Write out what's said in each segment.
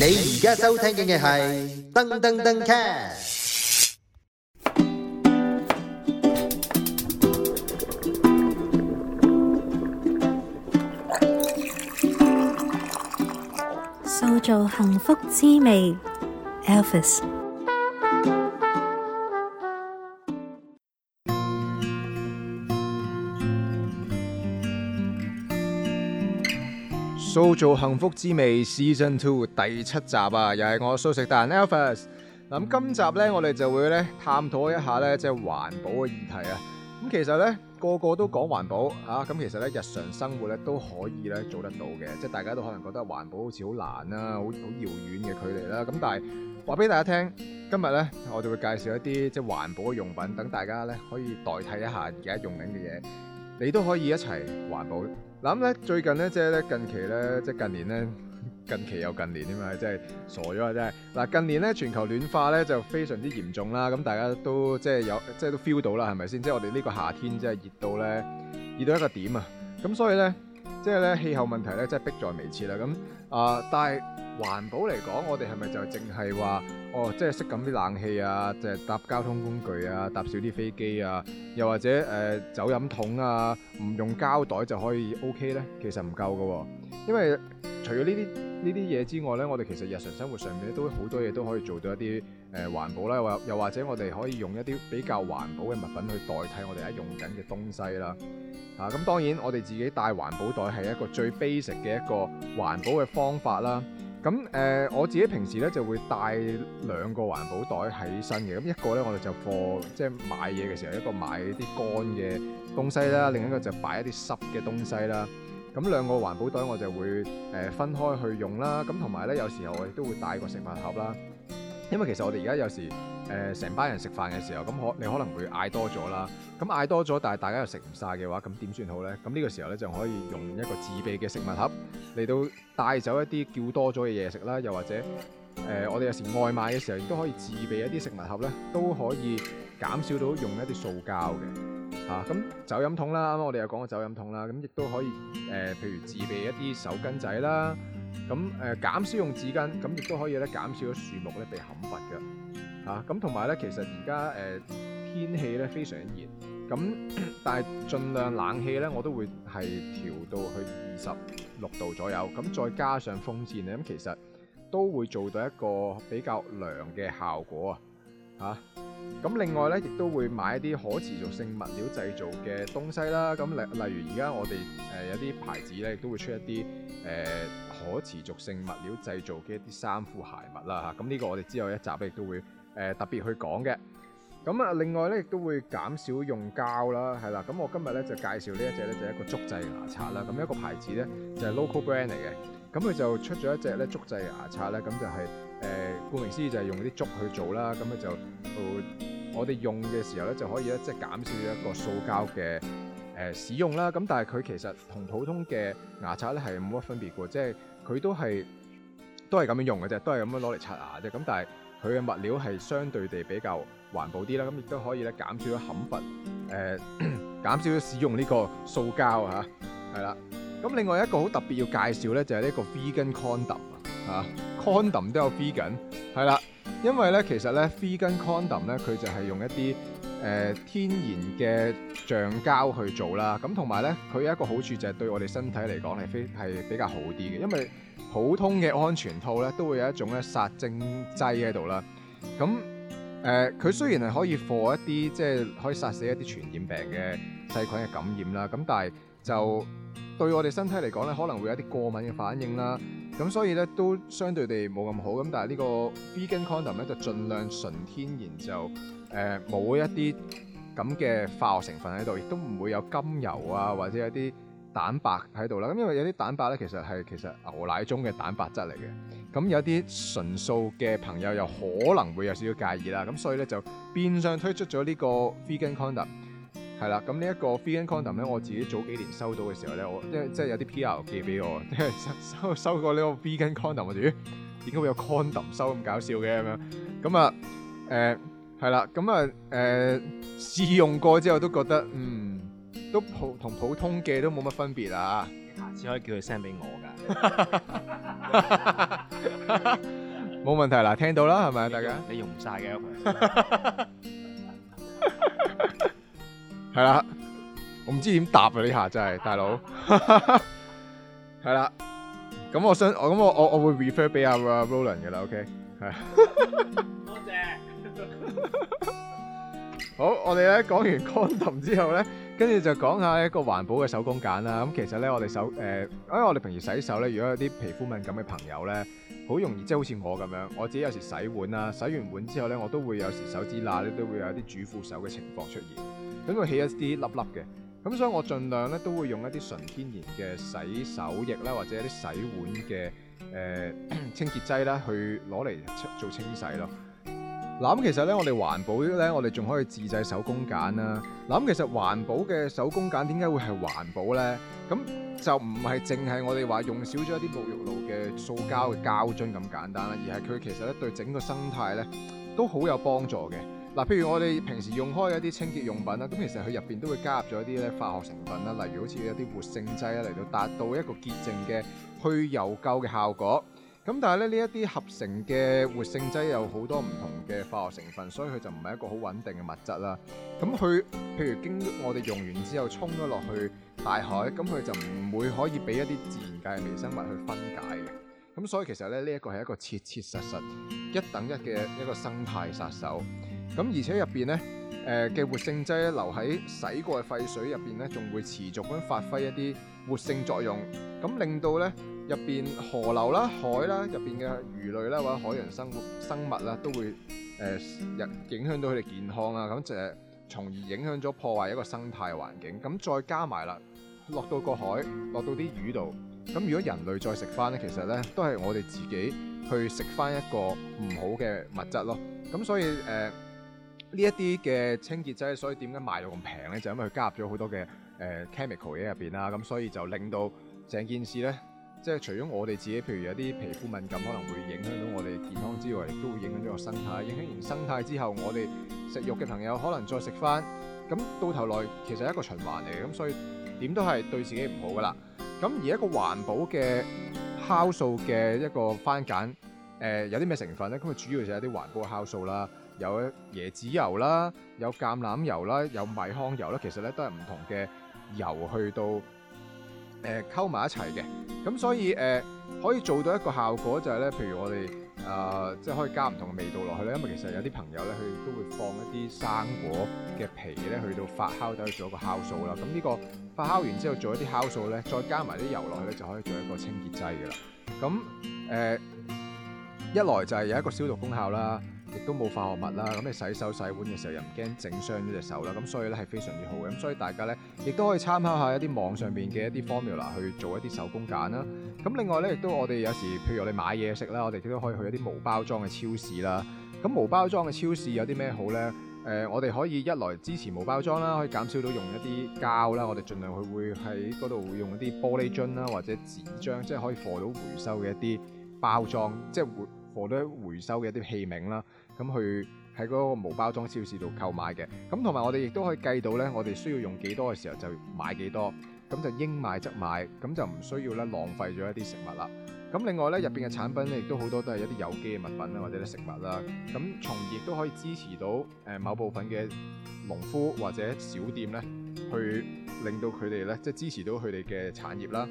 你而家收聽嘅係噔噔噔 cast，塑造幸福滋味，Elvis。都做幸福滋味 Season Two 第七集啊，又係我素食達人 Alfus。咁今集咧，我哋就會咧探討一下咧，即係環保嘅議題啊。咁其實咧，個個都講環保啊，咁其實咧，日常生活咧都可以咧做得到嘅。即係大家都可能覺得環保好似好難啦，好好遙遠嘅距離啦。咁但係話俾大家聽，今日咧我哋會介紹一啲即係環保嘅用品，等大家咧可以代替一下而家用緊嘅嘢，你都可以一齊環保。嗱咁咧，最近咧，即係咧，近期咧，即係近年咧，近期又近年添啊，真係傻咗啊，真係！嗱，近年咧，全球暖化咧就非常之嚴重啦，咁大家都即係有，即係都 feel 到啦，係咪先？即係我哋呢個夏天即係熱到咧熱到一個點啊！咁所以咧，即係咧氣候問題咧，即係迫在眉睫啦。咁啊，呃，但係。環保嚟講，我哋係咪就淨係話哦，即係熄緊啲冷氣啊，即係搭交通工具啊，搭少啲飛機啊，又或者誒走、呃、飲筒啊，唔用膠袋就可以 OK 咧？其實唔夠㗎、哦，因為除咗呢啲呢啲嘢之外咧，我哋其實日常生活上面都好多嘢都可以做到一啲誒、呃、環保啦，又或者我哋可以用一啲比較環保嘅物品去代替我哋而家用緊嘅東西啦。啊，咁當然我哋自己帶環保袋係一個最 basic 嘅一個環保嘅方法啦。咁誒、呃，我自己平時咧就會帶兩個環保袋喺身嘅，咁一個咧我哋就放即係買嘢嘅時候，一個買啲乾嘅東西啦，另一個就擺一啲濕嘅東西啦。咁兩個環保袋我就會誒、呃、分開去用啦。咁同埋咧，有時候我亦都會帶個食物盒啦。因為其實我哋而家有時，誒、呃、成班人食飯嘅時候，咁、嗯、可你可能會嗌多咗啦，咁、嗯、嗌多咗，但係大家又食唔晒嘅話，咁點算好咧？咁、嗯、呢、呢個時候咧，就可以用一個自備嘅食物盒嚟到帶走一啲叫多咗嘅嘢食啦，又或者誒、呃、我哋有時外賣嘅時候，亦都可以自備一啲食物盒咧，都可以減少到用一啲塑膠嘅嚇。咁、啊嗯、酒飲桶啦，啱啱我哋又講過酒飲桶啦，咁亦都可以誒、呃，譬如自備一啲手巾仔啦。啊。咁誒、呃、減少用紙巾，咁亦都可以咧減少咗樹木咧被砍伐嘅嚇。咁同埋咧，其實而家誒天氣咧非常熱，咁但係盡量冷氣咧我都會係調到去二十六度左右，咁、啊、再加上風扇咧，咁其實都會做到一個比較涼嘅效果啊嚇。咁另外咧，亦都會買一啲可持續性物料製造嘅東西啦。咁例例如而家我哋誒、呃、有啲牌子咧，亦都會出一啲誒、呃、可持續性物料製造嘅一啲衫褲鞋襪啦嚇。咁、啊、呢、呢個我哋之後一集咧亦都會誒、呃、特別去講嘅。咁啊，另外咧亦都會減少用膠啦，係啦。咁我今日咧就介紹呢一隻咧就係、是、一個竹製牙刷啦。咁一個牌子咧就係、是、Local Brand 嚟嘅。咁佢就出咗一隻咧竹製牙刷咧，咁就係誒顧名思義就係用啲竹去做啦。咁佢就，呃、我哋用嘅時候咧就可以咧即係減少咗一個塑膠嘅誒、呃、使用啦。咁但係佢其實同普通嘅牙刷咧係冇乜分別嘅，即係佢都係都係咁樣用嘅啫，都係咁樣攞嚟刷牙啫。咁但係佢嘅物料係相對地比較環保啲啦。咁亦都可以咧減少咗冚唪唥誒減少咗使用呢個塑膠嚇，係、啊、啦。咁另外一個好特別要介紹咧，就係呢一個 free 根 condom 啊嚇 condom 都有 free 根係啦。因為咧，其實咧 free 根 condom 咧，佢就係用一啲誒、呃、天然嘅橡膠去做啦。咁同埋咧，佢有，有一個好處就係對我哋身體嚟講係非係比較好啲嘅，因為普通嘅安全套咧都會有一種咧殺精劑喺度啦。咁、啊、誒，佢、呃、雖然係可以放一啲即係可以殺死一啲傳染病嘅細菌嘅感染啦，咁、啊、但係就。對我哋身體嚟講咧，可能會有一啲過敏嘅反應啦，咁所以咧都相對地冇咁好。咁但係呢個 Vegan Condom 咧就盡量純天然，就誒冇、呃、一啲咁嘅化學成分喺度，亦都唔會有甘油啊或者一啲蛋白喺度啦。咁因為有啲蛋白咧，其實係其實牛奶中嘅蛋白質嚟嘅。咁有啲純素嘅朋友又可能會有少少介意啦。咁所以咧就變相推出咗呢個 Vegan Condom。係啦，咁呢一個 Vegan Condom 咧，我自己早幾年收到嘅時候咧，我即即係有啲 P.R. 寄俾我，即收收收過呢個 Vegan Condom 嘅嘢，點解會有 Condom 收咁搞笑嘅咁樣？咁、呃、啊，誒係啦，咁啊誒試用過之後都覺得，嗯，都普同普通嘅都冇乜分別啊，下次可以叫佢 send 俾我㗎，冇 問題啦，聽到啦，係咪啊，大家？你用唔晒嘅。 係啦，我唔知點答啊呢下真係，大佬。係 啦，咁我想我咁我我我會 refer 俾阿 Roland 嘅啦，OK。係，多謝。好，我哋咧講完 condom 之後咧。跟住就講下一個環保嘅手工皂啦。咁其實咧，我哋手誒、呃，因為我哋平時洗手咧，如果有啲皮膚敏感嘅朋友咧，好容易即係好似我咁樣，我自己有時洗碗啦，洗完碗之後咧，我都會有時手指罅咧都會有一啲主婦手嘅情況出現，咁佢起一啲粒粒嘅。咁、嗯、所以我盡量咧都會用一啲純天然嘅洗手液啦，或者一啲洗碗嘅誒、呃、清潔劑啦，去攞嚟做清洗咯。嗱，咁其實咧，我哋環保咧，我哋仲可以自製手工梘啦。嗱，咁其實環保嘅手工梘點解會係環保咧？咁就唔係淨係我哋話用少咗一啲沐浴露嘅塑膠嘅膠樽咁簡單啦，而係佢其實咧對整個生態咧都好有幫助嘅。嗱，譬如我哋平時用開一啲清潔用品啦，咁其實佢入邊都會加入咗一啲咧化學成分啦，例如好似一啲活性劑啦，嚟到達到一個潔淨嘅去油垢嘅效果。咁但係咧，呢一啲合成嘅活性劑有好多唔同嘅化學成分，所以佢就唔係一個好穩定嘅物質啦。咁佢譬如經我哋用完之後沖咗落去大海，咁佢就唔會可以俾一啲自然界嘅微生物去分解嘅。咁所以其實咧，呢一個係一個切切實實一等一嘅一個生態殺手。咁而且入邊咧，誒、呃、嘅活性劑咧留喺洗過嘅廢水入邊咧，仲會持續咁發揮一啲活性作用，咁令到咧。入邊河流啦、海啦，入邊嘅魚類啦或者海洋生生物啦，都會誒、呃、影響到佢哋健康啊。咁就係從而影響咗破壞一個生態環境。咁再加埋啦，落到個海，落到啲魚度。咁如果人類再食翻咧，其實咧都係我哋自己去食翻一個唔好嘅物質咯。咁所以誒呢一啲嘅清潔劑，所以點解賣到咁平咧？就係、因為佢加入咗好多嘅誒、呃、chemical 嘢入邊啦。咁所以就令到成件事咧。即係除咗我哋自己，譬如有啲皮膚敏感，可能會影響到我哋健康之外，亦都會影響咗個生態。影響完生態之後，我哋食肉嘅朋友可能再食翻，咁到頭來其實係一個循環嚟嘅。咁所以點都係對自己唔好噶啦。咁而一個環保嘅酵素嘅一個番梘，誒、呃、有啲咩成分咧？咁啊，主要就係一啲環保嘅酵素啦，有椰子油啦，有橄欖油啦，有米糠油啦。其實咧都係唔同嘅油去到。誒溝埋一齊嘅，咁所以誒、呃、可以做到一個效果就係咧，譬如我哋啊，即、呃、係、就是、可以加唔同嘅味道落去咧，因為其實有啲朋友咧，佢都會放一啲生果嘅皮咧，去到發酵，等去做一個酵素啦。咁呢個發酵完之後，做一啲酵素咧，再加埋啲油落去咧，就可以做一個清潔劑嘅啦。咁誒、呃，一來就係有一個消毒功效啦。亦都冇化學物啦，咁你洗手洗碗嘅時候又唔驚整傷咗隻手啦，咁所以咧係非常之好嘅，咁所以大家咧亦都可以參考下一啲網上面嘅一啲 Formula 去做一啲手工皂啦。咁另外咧，亦都我哋有時譬如我哋買嘢食啦，我哋亦都可以去一啲無包裝嘅超市啦。咁無包裝嘅超市有啲咩好咧？誒、呃，我哋可以一來支持無包裝啦，可以減少到用一啲膠啦，我哋儘量去會喺嗰度會用一啲玻璃樽啦，或者紙張，即係可以貨到回收嘅一啲包裝，即係會貨到回收嘅一啲器皿啦。咁去喺嗰個無包裝超市度購買嘅，咁同埋我哋亦都可以計到呢，我哋需要用幾多嘅時候就買幾多，咁就應買則買，咁就唔需要呢浪費咗一啲食物啦。咁另外呢，入邊嘅產品呢亦都好多都係一啲有機嘅物品啦，或者啲食物啦，咁從而亦都可以支持到誒某部分嘅農夫或者小店呢，去令到佢哋呢，即係支持到佢哋嘅產業啦。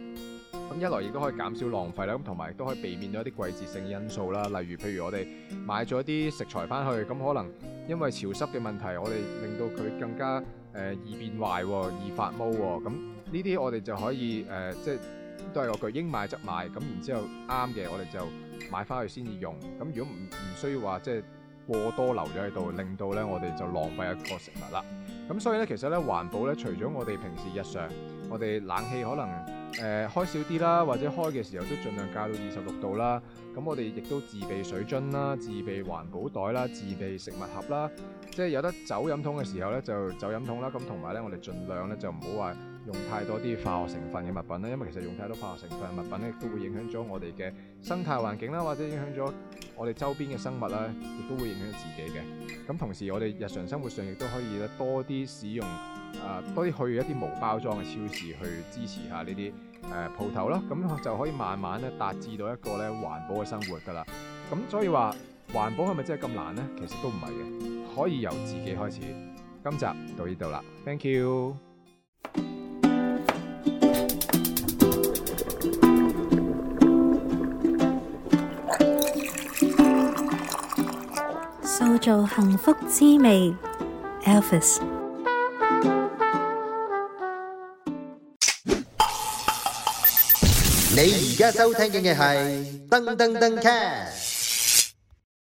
咁一來亦都可以減少浪費啦，咁同埋都可以避免咗一啲季節性因素啦。例如，譬如我哋買咗啲食材翻去，咁可能因為潮濕嘅問題，我哋令到佢更加誒、呃、易變壞，易發霉喎。咁呢啲我哋就可以誒、呃，即係都係個句應買則買。咁然之後啱嘅，我哋就買翻去先至用。咁如果唔唔需要話，即係過多留咗喺度，令到咧我哋就浪費一個食物啦。咁所以咧，其實咧環保咧，除咗我哋平時日常，我哋冷氣可能。誒、呃，開少啲啦，或者開嘅時候都盡量加到二十六度啦。咁、啊、我哋亦都自備水樽啦，自備環保袋啦，自備食物盒啦、啊。即係有得走飲桶嘅時候咧，就走飲桶啦。咁同埋咧，我哋盡量咧就唔好話用太多啲化學成分嘅物品啦。因為其實用太多化學成分嘅物品咧，亦都會影響咗我哋嘅生態環境啦、啊，或者影響咗我哋周邊嘅生物啦，亦、啊、都會影響到自己嘅。咁、啊、同時，我哋日常生活上亦都可以咧多啲使用。誒，多啲，啊、去一啲無包裝嘅超市，去支持下呢啲誒鋪頭啦，咁就可以慢慢咧達至到一個咧環保嘅生活噶啦。咁所以話，環保係咪真係咁難呢？其實都唔係嘅，可以由自己開始。今集到呢度啦，thank you。塑造幸福滋味，Elvis。Al 你而家收聽嘅係《燈登登 Cast》。